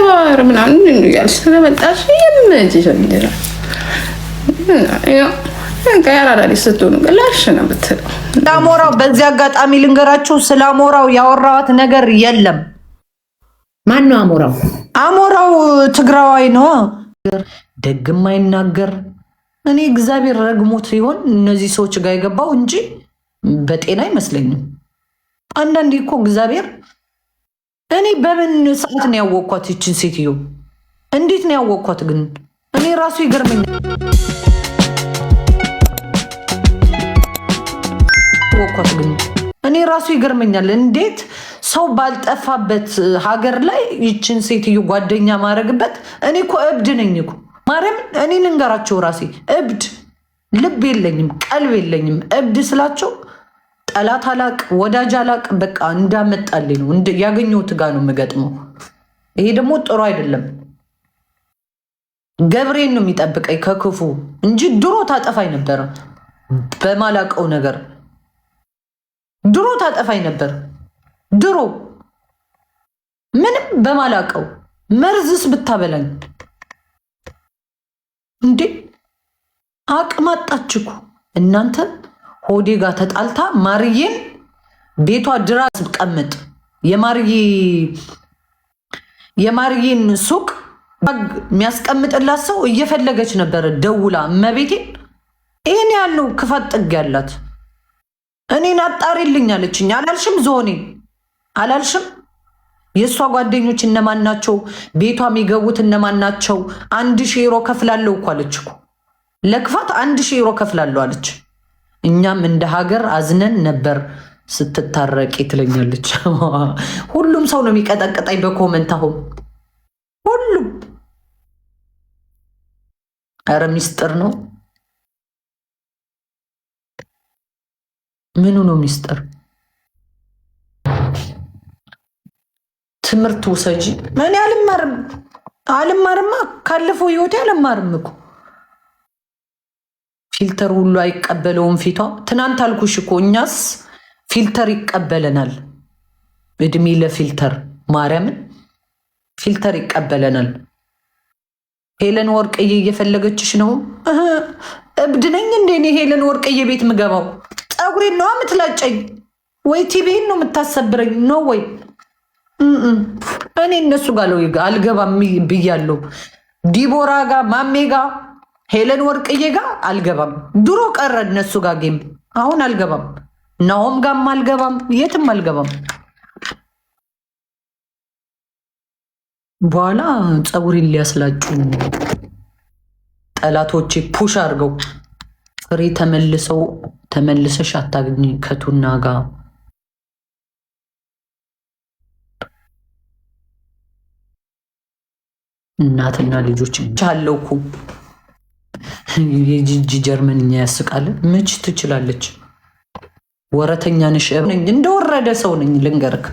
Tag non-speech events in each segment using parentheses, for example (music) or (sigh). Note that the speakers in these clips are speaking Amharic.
ተባበር ምናምን ያል ስለመጣሽ የምጅ ሰሚራ ስትሆኑ ላሽ ነው ብትለው አሞራው። በዚህ አጋጣሚ ልንገራችሁ ስለ አሞራው ያወራዋት ነገር የለም። ማን ነው አሞራው? አሞራው ትግራዋይ ነው፣ ደግም አይናገር። እኔ እግዚአብሔር ረግሞት ሲሆን እነዚህ ሰዎች ጋር የገባው እንጂ በጤና አይመስለኝም። አንዳንዴ እኮ እግዚአብሔር እኔ በምን ሰዓት ነው ያወቅኳት? ይችን ሴትዮ እንዴት ነው ያወቅኳት? ግን እኔ ራሱ ይገርመኛል። ያወቅኳት ግን እኔ ራሱ ይገርመኛል። እንዴት ሰው ባልጠፋበት ሀገር ላይ ይችን ሴትዮ ጓደኛ ማድረግበት? እኔ እኮ እብድ ነኝ እኮ ማርያም። እኔ ልንገራቸው ራሴ እብድ ልብ የለኝም፣ ቀልብ የለኝም። እብድ ስላቸው ጠላት አላቅ ወዳጅ አላቅ በቃ እንዳመጣልኝ ነው ያገኘሁት ትጋ ነው የምገጥመው። ይሄ ደግሞ ጥሩ አይደለም። ገብሬን ነው የሚጠብቀኝ ከክፉ እንጂ ድሮ ታጠፋኝ ነበር። በማላቀው ነገር ድሮ ታጠፋኝ ነበር። ድሮ ምንም በማላቀው መርዝስ ብታበላኝ እንዴ አቅም አጣችሁ እናንተ። ሆዴ ጋር ተጣልታ ማርዬን ቤቷ ድራስ ቀምጥ የማርዬን ሱቅ የሚያስቀምጥላት ሰው እየፈለገች ነበረ ደውላ እመቤቴን ይህን ያለው ክፋት ጥግ ያላት እኔን አጣሪልኝ አለችኝ። አላልሽም? ዞኔ አላልሽም? የእሷ ጓደኞች እነማን ናቸው? ቤቷ የሚገቡት እነማን ናቸው? አንድ ሺ ሮ ከፍላለሁ እኮ አለች። ለክፋት አንድ ሺ ሮ ከፍላለሁ አለች። እኛም እንደ ሀገር አዝነን ነበር ስትታረቂ ትለኛለች። (laughs) ሁሉም ሰው ነው የሚቀጠቅጠኝ በኮመንት አሁን ሁሉም። ኧረ ሚስጥር ነው። ምኑ ነው ሚስጥር? ትምህርት ውሰጂ። እኔ አልማርም አልማርማ፣ ካለፈው ህይወቴ አልማርም እኮ ፊልተር ሁሉ አይቀበለውም ፊቷ። ትናንት አልኩሽ እኮ እኛስ ፊልተር ይቀበለናል። እድሜ ለፊልተር ማርያምን ፊልተር ይቀበለናል። ሄለን ወርቅዬ እየፈለገችሽ ነው። እብድ ነኝ እንደ እኔ ሄለን ወርቅዬ ቤት ምገባው? ፀጉሬን ነዋ የምትላጨኝ ወይ ቲቪን ነው የምታሰብረኝ ኖ ወይ? እኔ እነሱ ጋር አልገባም ብያለሁ። ዲቦራ ጋር ማሜ ጋር ሄለን ወርቅዬ ጋር አልገባም። ድሮ ቀረ እነሱ ጋር ጌም። አሁን አልገባም። ናሆም ጋም አልገባም። የትም አልገባም። በኋላ ፀጉሪን ሊያስላጩ ጠላቶቼ ፑሽ አድርገው ፍሬ ተመልሰው ተመልሰሽ አታግኝ ከቱና ጋ እናትና ልጆች ቻለውኩ የጂጂ ጀርመንኛ ያስቃል። ምች ትችላለች። ወረተኛ ነሽ። እንደወረደ ሰው ነኝ ልንገርክ።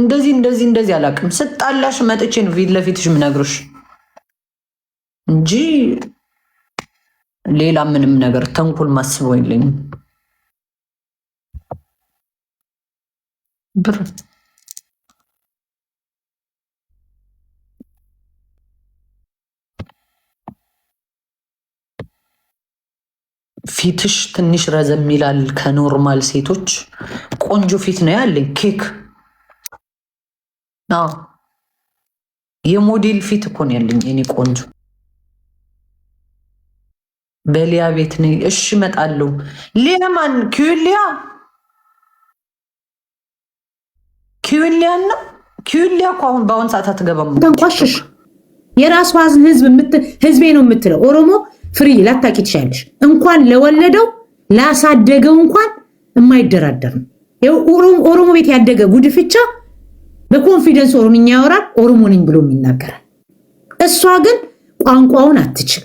እንደዚህ እንደዚህ እንደዚህ አላውቅም። ስጣላሽ መጥቼ ነው ፊት ለፊትሽ ምነግርሽ እንጂ ሌላ ምንም ነገር ተንኮል ማስበው የለኝም ብር ፊትሽ ትንሽ ረዘም ይላል ከኖርማል ሴቶች። ቆንጆ ፊት ነው ያለኝ። ኬክ የሞዴል ፊት እኮ ነው ያለኝ። እኔ ቆንጆ በሊያ ቤት ነኝ። እሺ እመጣለሁ። ሊያ ማን? ኪዩሊያ ኪዩሊያ ነው ኪዩሊያ እኮ አሁን በአሁን ሰዓት አትገባም። ተንኳሽሽ የራሷ ህዝብ ህዝቤ ነው የምትለው ኦሮሞ ፍሪ ላታቂ ትችያለሽ። እንኳን ለወለደው ላሳደገው እንኳን የማይደራደር ነው። ኦሮሞ ቤት ያደገ ጉድፍቻ በኮንፊደንስ ኦሮምኛ ያወራል፣ ኦሮሞንኝ ብሎም ይናገራል። እሷ ግን ቋንቋውን አትችል።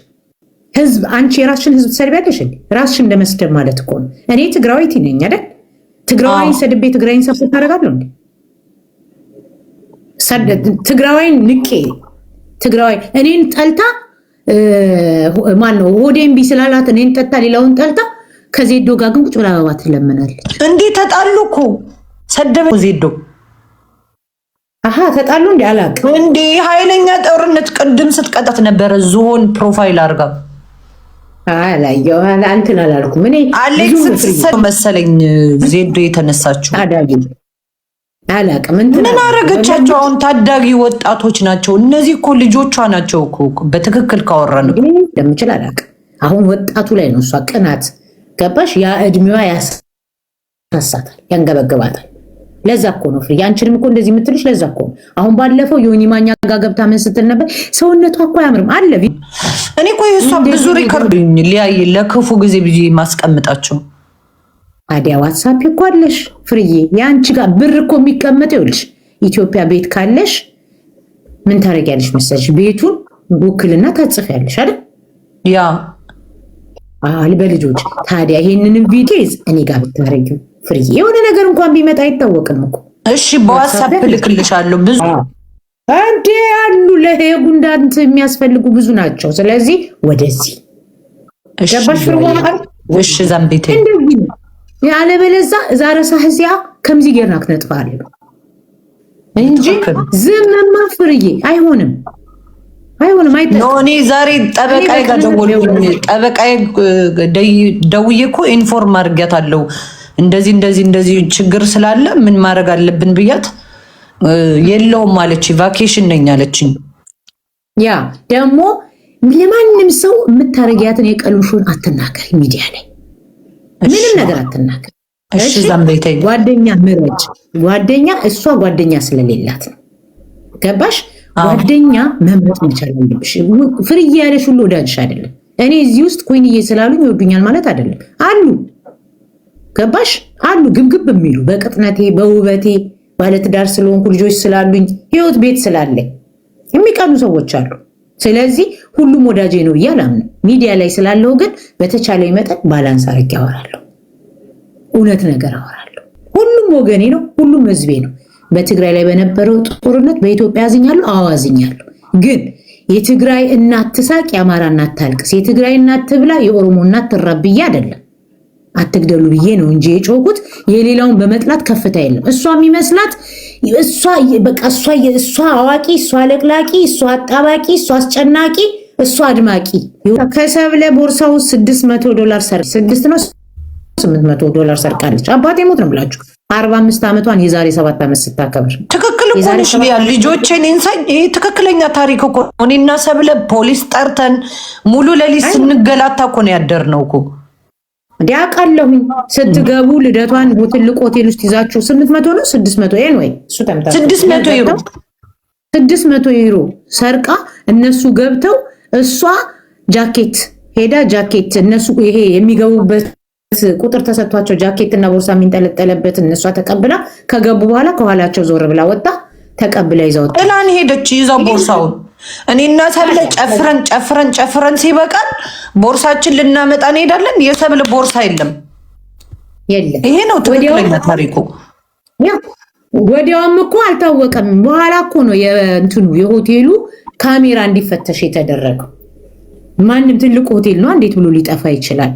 ህዝብ አንቺ የራስሽን ህዝብ ትሰድቢያለሽ። ራስሽን ለመስደብ ማለት እኮ ነው። እኔ ትግራዊት ነኝ አይደል? ትግራዊ ሰድቤ ትግራይን ሰብሰብ ታደርጋለሁ እንዴ? ትግራዊን ንቄ ትግራዊ እኔን ጠልታ ማን ነው ሆዴን ቢስላላት እኔን ጠጣ ሌላውን ጠልታ ከዜዶ ጋር ግን ቁጭ ብላ አበባ ትለምናለች። እንዴ ተጣሉ እኮ ሰደበ ዜዶ። አሀ ተጣሉ እንዲ አላውቅም። እንዲህ ኃይለኛ ጦርነት ቅድም ስትቀጣት ነበረ ዝሆን ፕሮፋይል አድርጋ አላየሁ እንትን አላልኩም እኔ አሌክስ መሰለኝ ዜዶ የተነሳችው አላቅም ምን አረገቻቸው? አሁን ታዳጊ ወጣቶች ናቸው እነዚህ እኮ ልጆቿ ናቸው እኮ በትክክል ነው እንደምችል አላቅም። አሁን ወጣቱ ላይ ነው እሷ ቅናት ገባሽ? ያ እድሜዋ ያሳሳታል፣ ያንገበግባታል። ለዛ እኮ ነው ፍሬ ያንችንም እኮ እንደዚህ የምትልሽ ለዛ እኮ ነው። አሁን ባለፈው የሆኒ ማኛ ጋር ገብታ ምን ስትል ነበር? ሰውነቷ እኮ አያምርም አለ። እኔ እኮ የእሷ ብዙ ሪከርድ ሊያይ ለክፉ ጊዜ ብዬ ማስቀምጣቸው አዲያ ዋትሳፕ እኮ አለሽ ፍርዬ፣ የአንቺ ጋር ብር እኮ የሚቀመጥ ይኸውልሽ፣ ኢትዮጵያ ቤት ካለሽ ምን ታደርጊያለሽ መሰለሽ? ቤቱን ውክልና ታጽፊያለሽ አይደል? ያ አል በልጆች ታዲያ ይሄንንም ቪዲዮ እኔ ጋር ብታረጊው ፍርዬ፣ የሆነ ነገር እንኳን ቢመጣ አይታወቅም እኮ። እሺ፣ በዋትሳፕ ልክልሻለሁ። ብዙ እንዴ ያሉ ለሄጉ እንዳንተ የሚያስፈልጉ ብዙ ናቸው። ስለዚህ ወደዚህ ገባሽ ፍርዋ? እሺ፣ ዘንቤቴ እንደዚህ ያለበለዛ ዛሬ ሳህዚያ ከምዚ ጌርና ክነጥፋለን እንጂ ዝም ፍርዬ አይሆንም፣ አይሆንም። አይ ኖ እኔ ዛሬ ጠበቃዬ ጋር ደወልኩኝ። ጠበቃዬ ደውዬ እኮ ኢንፎርም አድርጊያታለሁ እንደዚህ እንደዚህ እንደዚህ ችግር ስላለ ምን ማድረግ አለብን ብያት፣ የለውም አለች። ቫኬሽን ነኝ አለችኝ። ያ ደግሞ ለማንም ሰው የምታረጊያትን የቀልብሽን አትናገር ሚዲያ ላይ ምንም ነገር አትናገር። ጓደኛ ምረጭ። ጓደኛ እሷ ጓደኛ ስለሌላት ነው። ገባሽ? ጓደኛ መምረጥ መቻል አለብሽ። ፍርዬ ያለሽ ሁሉ ወዳጅሽ አይደለም። እኔ እዚህ ውስጥ ኮይንዬ ስላሉኝ ይወዱኛል ማለት አይደለም። አሉ ገባሽ? አሉ ግብግብ የሚሉ በቅጥነቴ በውበቴ ባለትዳር ስለሆንኩ ልጆች ስላሉኝ ህይወት ቤት ስላለኝ የሚቀኑ ሰዎች አሉ። ስለዚህ ሁሉም ወዳጄ ነው እያል አላምንም። ሚዲያ ላይ ስላለው ግን በተቻለ መጠን ባላንስ አርጌ አወራለሁ፣ እውነት ነገር አወራለሁ። ሁሉም ወገኔ ነው፣ ሁሉም ህዝቤ ነው። በትግራይ ላይ በነበረው ጦርነት በኢትዮጵያ አዝኛለሁ፣ አዋዝኛለሁ። ግን የትግራይ እናት ትሳቅ፣ የአማራ እናት ታልቅስ፣ የትግራይ እናት ትብላ፣ የኦሮሞ እናት ትራብ ብዬ አይደለም። አትግደሉ ብዬ ነው እንጂ የጮኩት የሌላውን በመጥላት ከፍታ የለም። እሷ የሚመስላት እሷ አዋቂ፣ እሷ ለቅላቂ፣ እሷ አጣባቂ፣ እሷ አስጨናቂ፣ እሷ አድማቂ። ከሰብለ ቦርሳው ስድስት መቶ ዶላር ሰር ስድስት ነው ስምንት መቶ ዶላር ሰርቃለች። አባቴ ሞት ነው ብላችሁ አርባ አምስት ዓመቷን የዛሬ ሰባት ዓመት ስታከብር ትክክል ሆነሽያ ልጆቼን ንሳኝ። ይህ ትክክለኛ ታሪክ እኮ እኔና ሰብለ ፖሊስ ጠርተን ሙሉ ሌሊት ስንገላታ እኮ ነው ያደር ነው እኮ እንዲያውቃለሁኝ ስትገቡ ልደቷን ትልቅ ሆቴል ውስጥ ይዛችሁ ስምንት መቶ ነው ስድስት መቶ ይን ወይ እሱ ስድስት መቶ ዩሮ ሰርቃ እነሱ ገብተው እሷ ጃኬት ሄዳ ጃኬት እነሱ ይሄ የሚገቡበት ቁጥር ተሰጥቷቸው ጃኬት እና ቦርሳ የሚንጠለጠለበት እነሷ ተቀብላ ከገቡ በኋላ ከኋላቸው ዞር ብላ ወጣ ተቀብላ ይዛ ወጣ ጥላን ሄደች ይዛ ቦርሳውን እኔና ሰብለ ጨፍረን ጨፍረን ጨፍረን ሲበቃን ቦርሳችን ልናመጣ እንሄዳለን። የሰብል ቦርሳ የለም የለም። ይሄ ነው ትክክለኛ ታሪኩ። ወዲያውም እኮ አልታወቀም። በኋላ እኮ ነው የእንትኑ የሆቴሉ ካሜራ እንዲፈተሽ የተደረገው። ማንም ትልቅ ሆቴል ነው፣ እንዴት ብሎ ሊጠፋ ይችላል?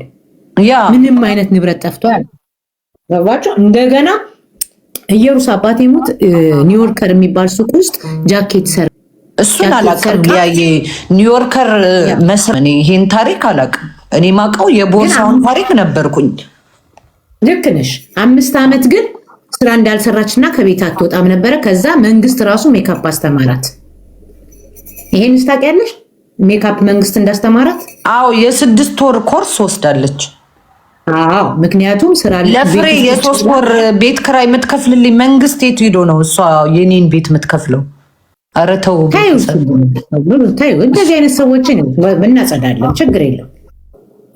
ያ ምንም አይነት ንብረት ጠፍቷል። ገባቸው እንደገና ኢየሩስ አባቴ ሙት ኒውዮርከር የሚባል ሱቅ ውስጥ ጃኬት ሰር እሱን አላቅም። ያየ ኒውዮርከር መስራ ይህን ታሪክ አላውቅም። እኔ ማቀው የቦርሳውን ታሪክ ነበርኩኝ። ልክ ነሽ። አምስት ዓመት ግን ስራ እንዳልሰራች እና ከቤት አትወጣም ነበረ። ከዛ መንግስት ራሱ ሜካፕ አስተማራት። ይሄን ስታውቂያለሽ? ሜካፕ መንግስት እንዳስተማራት። አዎ፣ የስድስት ወር ኮርስ ወስዳለች። አዎ፣ ምክንያቱም ስራ ለፍሬ የሶስት ወር ቤት ክራይ የምትከፍልልኝ መንግስት የት ሄዶ ነው እሷ የኔን ቤት የምትከፍለው? ኧረ ተው እንደዚህ አይነት ሰዎችን እናጸዳለን። ችግር የለም።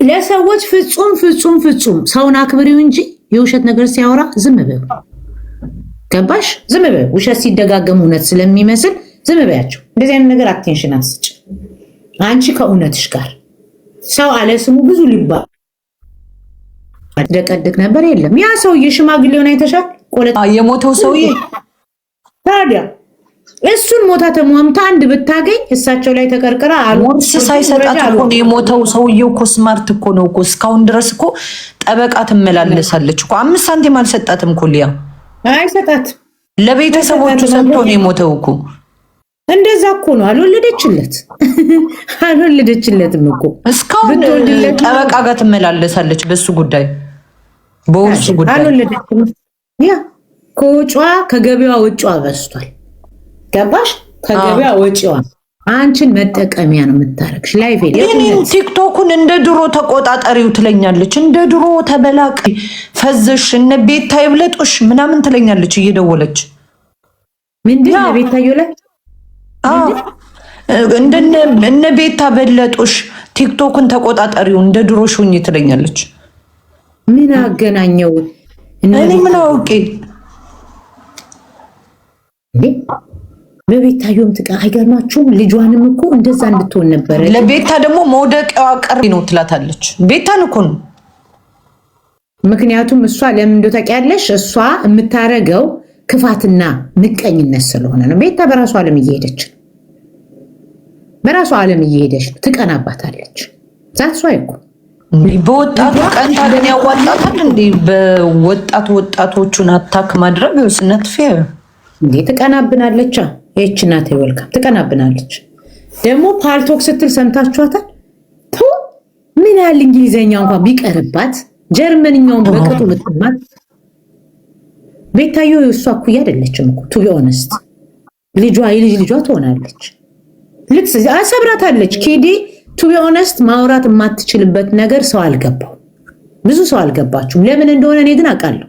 ለሰዎች ፍጹም ፍጹም ፍጹም ሰውን አክብሪው እንጂ የውሸት ነገር ሲያወራ ዝም በይው። ገባሽ? ዝም በይው። ውሸት ሲደጋገም እውነት ስለሚመስል ዝም በያቸው። እንደዚህ አይነት ነገር አቴንሽን አትስጭ። አንቺ ከእውነትሽ ጋር ሰው አለ ስሙ ብዙ ሊባ አደቀድቅ ነበር የለም ያ ሰውዬ ሽማግሌውን አይተሻል። ቆለ የሞተው ሰውዬ ታዲያ እሱን ሞታ ተሟምታ አንድ ብታገኝ እሳቸው ላይ ተቀርቅራ አልወርስ ሳይሰጣት እኮ ነው የሞተው። ሰውየው እኮ ስማርት እኮ ነው እኮ እስካሁን ድረስ እኮ ጠበቃ ትመላለሳለች እኮ። አምስት ሳንቲም አልሰጣትም እኮ ሊያ አይሰጣት ለቤተሰቦቹ ሰጥቶ ነው የሞተው እኮ። እንደዛ እኮ ነው አልወለደችለት፣ (laughs) አልወለደችለትም እኮ እስካሁን ጠበቃ ጋር ትመላለሳለች በሱ ጉዳይ፣ በውርሱ ጉዳይ አልወለደችም። ያ ከወጪዋ ከገቢዋ ወጪዋ በስቷል። ገባሽ? ከገበያ ወጪዋ አንቺን መጠቀሚያ ነው የምታረግሽ። ላይ ቲክቶኩን እንደ ድሮ ተቆጣጠሪው ትለኛለች። እንደ ድሮ ተበላቅ ፈዘሽ እነ ቤታ ይብለጡሽ ምናምን ትለኛለች እየደወለች ምንድን ነው ቤታ ይብለጥ እነ ቤታ በለጡሽ ቲክቶክን ተቆጣጠሪው እንደ ድሮ ሽኝ ትለኛለች። ምን አገናኘው? እኔ ምን አውቄ በቤታየም ጥቃ አይገርማችሁም? ልጇንም እኮ እንደዛ እንድትሆን ነበረ። ለቤታ ደግሞ መውደቂያዋ ቅርብ ነው ትላታለች። ቤታን እኮ ነው። ምክንያቱም እሷ ለምን እንደው ታውቂያለሽ፣ እሷ የምታረገው ክፋትና ምቀኝነት ስለሆነ ነው። ቤታ በራሷ ዓለም እየሄደች ነው። በራሷ ዓለም እየሄደች ነው። ትቀናባታለች። ዛትሷ ይኮ በወጣቱ ቀን ታገን ያዋጣታል እንዲህ በወጣት ወጣቶቹን አታክ ማድረግ ስነትፌ እንዴ ትቀናብናለች። ይች እናት ወልካም ትቀናብናለች። ደግሞ ፓልቶክ ስትል ሰምታችኋታል። ምን ያህል እንግሊዘኛ እንኳን ቢቀርባት ጀርመንኛውን በቅጡ ምትማት ቤታዮ እሷ እኩያ አይደለችም እኮ ቱ ኦነስት ልጇ የልጅ ልጇ ትሆናለች። ልትስ አሰብራታለች። ኬዴ ቱ ኦነስት ማውራት የማትችልበት ነገር ሰው አልገባው ብዙ ሰው አልገባችሁም። ለምን እንደሆነ እኔ ግን አውቃለሁ፣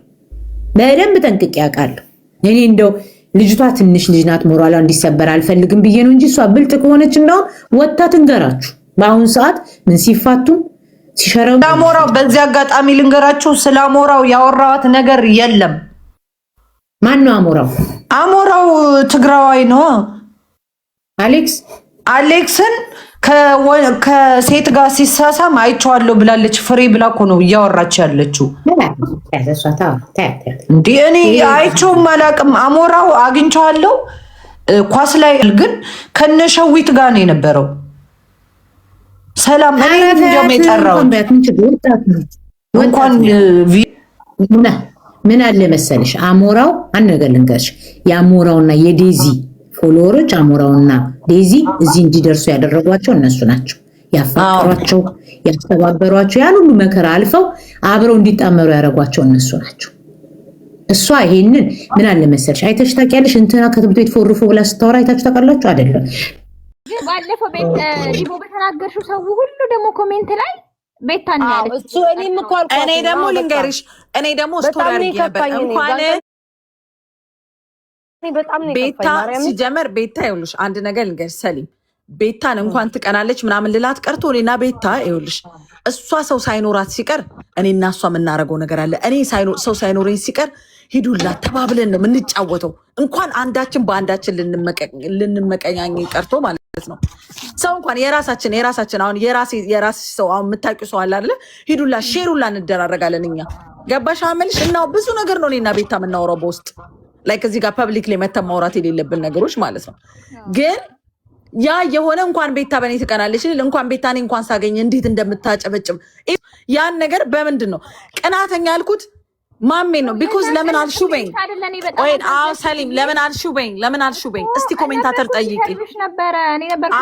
በደንብ ጠንቅቄ አውቃለሁ። እኔ እንደው ልጅቷ ትንሽ ልጅ ናት፣ ሞራሏ እንዲሰበር አልፈልግም ብዬ ነው እንጂ እሷ ብልጥ ከሆነች እንዳውም ወጥታ ትንገራችሁ። በአሁኑ ሰዓት ምን ሲፋቱም ሲሸረሞራው በዚ በዚህ አጋጣሚ ልንገራችሁ ስለአሞራው ያወራዋት ነገር የለም። ማን ነው አሞራው? አሞራው ትግራዋይ ነው። አሌክስ አሌክስን ከሴት ጋር ሲሳሳም አይቼዋለሁ ብላለች። ፍሬ ብላ እኮ ነው እያወራች ያለችው። እንዲህ እኔ አይቼውም አላውቅም። አሞራው አግኝቼዋለሁ ኳስ ላይ ግን ከነሸዊት ጋር ነው የነበረው። ሰላም እኔ እንኳን ምን አለ መሰለሽ፣ አሞራው አንድ ነገር ልንገርሽ፣ የአሞራውና የዴዚ ኮሎሮች አሞራውና ዴዚ እዚህ እንዲደርሱ ያደረጓቸው እነሱ ናቸው። ያፋቀሯቸው፣ ያስተባበሯቸው ያን ሁሉ መከራ አልፈው አብረው እንዲጣመሩ ያደረጓቸው እነሱ ናቸው። እሷ ይሄንን ምን አለ መሰለሽ አይተሽ ታውቂያለሽ? እንትና ከትምህርት ቤት ፎርፎ ብላ ስታወራ አይታችሁ ታውቃላችሁ? አይደለም ባለፈው ቤት ዲቦ በተናገርሽው ሰው ሁሉ ደግሞ ኮሜንት ላይ ቤታ እኔ ደግሞ ልንገርሽ፣ እኔ ደግሞ ስቶሪ አድርጌ ነበር እንኳን ቤታ ሲጀመር ቤታ ይኸውልሽ አንድ ነገር ልንገርሽ ሰሊም ቤታን እንኳን ትቀናለች ምናምን ልላት ቀርቶ እኔና ቤታ ይኸውልሽ እሷ ሰው ሳይኖራት ሲቀር እኔና እሷ የምናደርገው ነገር አለ። እኔ ሰው ሳይኖረኝ ሲቀር ሂዱላት ተባብለን ነው የምንጫወተው። እንኳን አንዳችን በአንዳችን ልንመቀኛኝ ቀርቶ ማለት ነው ሰው እንኳን የራሳችን የራሳችን አሁን የራስ ሰው አሁን የምታውቂው ሰው አለ አይደለ? ሂዱላ ሼሩላ እንደራረጋለን እኛ ገባሽ አመልሽ እና ብዙ ነገር ነው እኔና ቤታ የምናወራው በውስጥ ላይክ እዚህ ጋር ፐብሊክ ላይ መተን ማውራት የሌለብን ነገሮች ማለት ነው። ግን ያ የሆነ እንኳን ቤታ በእኔ ትቀናለች ልል እንኳን ቤታ እኔ እንኳን ሳገኝ እንዴት እንደምታጨበጭብ ያን ነገር በምንድን ነው ቅናተኛ ያልኩት ማሜን ነው። ቢኮዝ ለምን አልሹበኝ ወይ? አዎ ሰሊም ለምን አልሹበኝ? ለምን አልሹበኝ? እስቲ ኮሜንታተር ጠይቂ።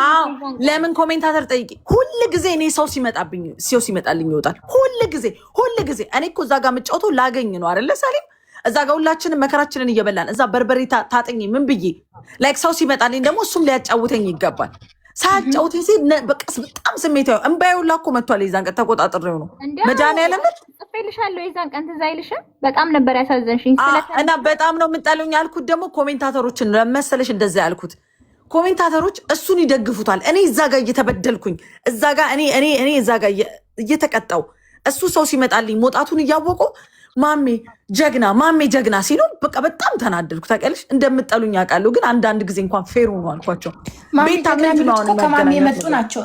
አዎ ለምን ኮሜንታተር ጠይቂ። ሁል ጊዜ እኔ ሰው ሲመጣብኝ ሲው ሲመጣልኝ ይወጣል። ሁል ጊዜ ሁል ጊዜ እኔ እኮ እዛ ጋር የምጫወተው ላገኝ ነው አይደለ ሰሊም እዛ ጋ ሁላችንም መከራችንን እየበላን እዛ በርበሬ ታጠኝ ምን ብዬ ላይክ ሰው ሲመጣልኝ ደግሞ እሱም ሊያጫውተኝ ይገባል። ሳያጫውት ሲል በቀስ በጣም ስሜታዊ እምባዬ ሁላ እኮ መጥቷል። የዛን ቀን ተቆጣጥሬው ነው መድኃኒዓለም ጽፌልሻለሁ። የዛን ቀን ትዝ አይልሽም? በጣም ነበር ያሳዘንሽኝ እና በጣም ነው የምጠሉኝ ያልኩት ደግሞ ኮሜንታተሮችን ለመሰለሽ እንደዛ ያልኩት ኮሜንታተሮች እሱን ይደግፉታል። እኔ እዛ ጋር እየተበደልኩኝ እዛ ጋር እኔ እኔ እኔ እዛ ጋር እየተቀጣው እሱ ሰው ሲመጣልኝ መውጣቱን እያወቁ ማሜ ጀግና፣ ማሜ ጀግና ሲሉ በቃ በጣም ተናደድኩ። ታውቂያለሽ እንደምጠሉኝ አውቃለሁ፣ ግን አንዳንድ ጊዜ እንኳን ፌሩ ነው አልኳቸው። ከማሜ የመጡ ናቸው።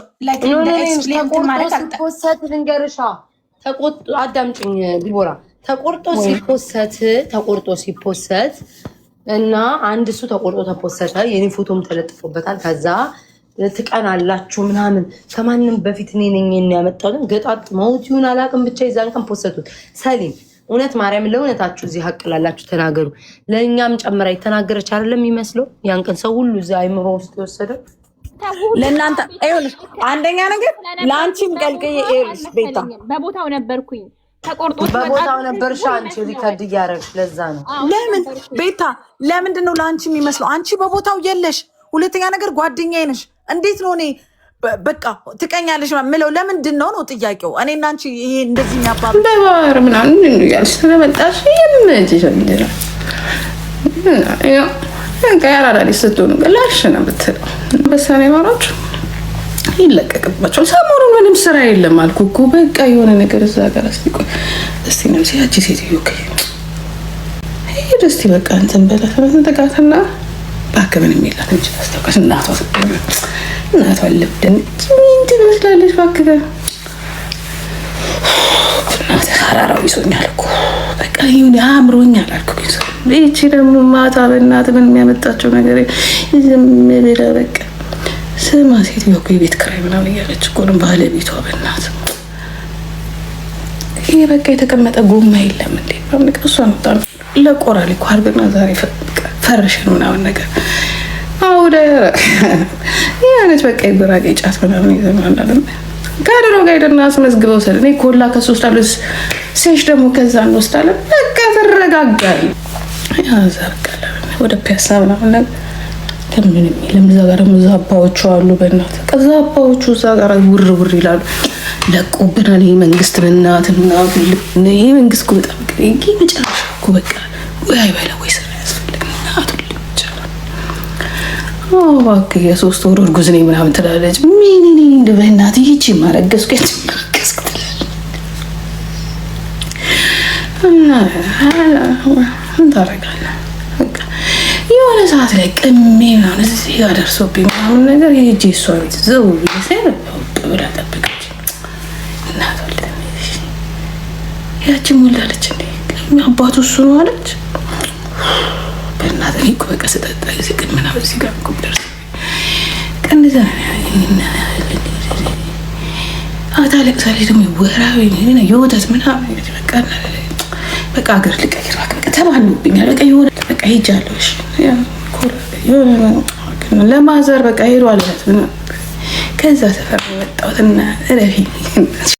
ልንገርሻ፣ ተቆርጦ አዳምጪኝ ዲቦራ፣ ተቆርጦ ሲፖሰት ተቆርጦ ሲፖሰት እና አንድ እሱ ተቆርጦ ተፖሰተ፣ የኔ ፎቶም ተለጥፎበታል። ከዛ ትቀናላችሁ ምናምን ከማንም በፊት እኔ ነኝ ያመጣሁትን ገጣጥመውት ይሁን አላውቅም፣ ብቻ የዛን ቀን ፖሰቱት ሰሊም እውነት ማርያም ለእውነታችሁ እዚህ ሀቅ ላላችሁ ተናገሩ። ለእኛም ጨምራ የተናገረች አይደለም የሚመስለው ያን ቀን ሰው ሁሉ እዚህ አይምሮ ውስጥ የወሰደ ለእናንተ አንደኛ ነገር ለአንቺም ቀልቅዬ ቤታ በቦታው ነበርኩኝ በቦታው ነበርሽ አንቺ ሪከርድ እያደረግሽ ለዛ ነው። ለምን ቤታ ለምንድን ነው ለአንቺ የሚመስለው? አንቺ በቦታው የለሽ። ሁለተኛ ነገር ጓደኛዬ ነሽ። እንዴት ነው እኔ በቃ ትቀኛለሽ ምለው ለምንድን ነው ነው ጥያቄው። እኔ እና አንቺ ይሄ እንደዚህ የሚያባ በባህር ምናምን ያልሽ ስለመጣሽ የምንጅ ስትሆኑ ላሽ ነው ብትለው በሰኔ ማሮች ይለቀቅባቸዋል። ሰሞኑን ምንም ስራ የለም አልኩ እኮ በቃ የሆነ ነገር እዛ ጋር አስቆይ እስቲ ነው ሲያቺ ሴትዮ ከ ይሄ እስቲ በቃ እንትን በላት ተጋትና እባክህ ምንም የላትም። እንጂ ታስታውቃለች እናቷ እናቷ ልብደን ምንድ ትመስላለች። እባክህ እናትህ ሀራራው ይዞኛል እኮ በቃ ይሁን አእምሮኛል አልኩ። ይቺ ደግሞ ማታ በእናትህ ምን የሚያመጣቸው ነገር ዝም ዝምብለ በቃ ስማ ሴትዮ እኮ የቤት ክራይ ምናምን እያለች እኮ ነው ባለቤቷ በእናትህ ይሄ በቃ የተቀመጠ ጎማ የለም እንዴ? እሷ ለቆራል እኮ አድርገና ዛሬ ፈቃ ፈረሽን ምናምን ነገር አውደ ይህ አይነት በቃ ይበራቅ ጫት ምናምን ይዘናላለ ከድሮ ጋር ሄደና አስመዝግበው ወሰድ እኔ ኮላ ከሶስት አለ ሴሽ ደግሞ ከዛ እንወስዳለን። በቃ ተረጋጋል። ያዘርቀለ ወደ ፒያሳ ምናምን ነገር ከምን የሚልም እዛ ጋር ደግሞ አባዎቹ አሉ። በእናት ከዛ አባዎቹ እዛ ጋር ውር ውር ይላሉ። ለቁብናል ይህ መንግስት በእናት ና ይህ መንግስት ጣ ይ መጨረሻ በቃ ወይ አይበላ ወይ እባክህ የሶስት ወር እርጉዝ ነኝ ምናምን ትላለች። ምን እኔ እንደው በእናትህ ይቺ ማረገዝኩ ያችማረገዝኩ ምን ታደርጋለህ? የሆነ ሰዓት ላይ ቅሜ ምናምን እዚህ ጋር ደርሶብኝ ምናምን ነገር የእጅ እሷ ቤት ዘው ውቅ ብላ ጠብቀች እናት ወልድ ያችን ሞላለች። እንደ አባቱ እሱ ነው አለች እናት እኮ በቃ ስጠጣ ስቅን ምናምን እኮ ደርስ ቀንዛ ታለቅሳለች። ደግሞ ወራዊ የወተት ምናምን በቃ በቃ ልቀይር ተባሉብኛል። በቃ የሆነ በቃ ሄጃለሁ። እሺ ለማዘር በቃ ሄዷል። ከዛ ሰፈር መጣሁትና ረፊ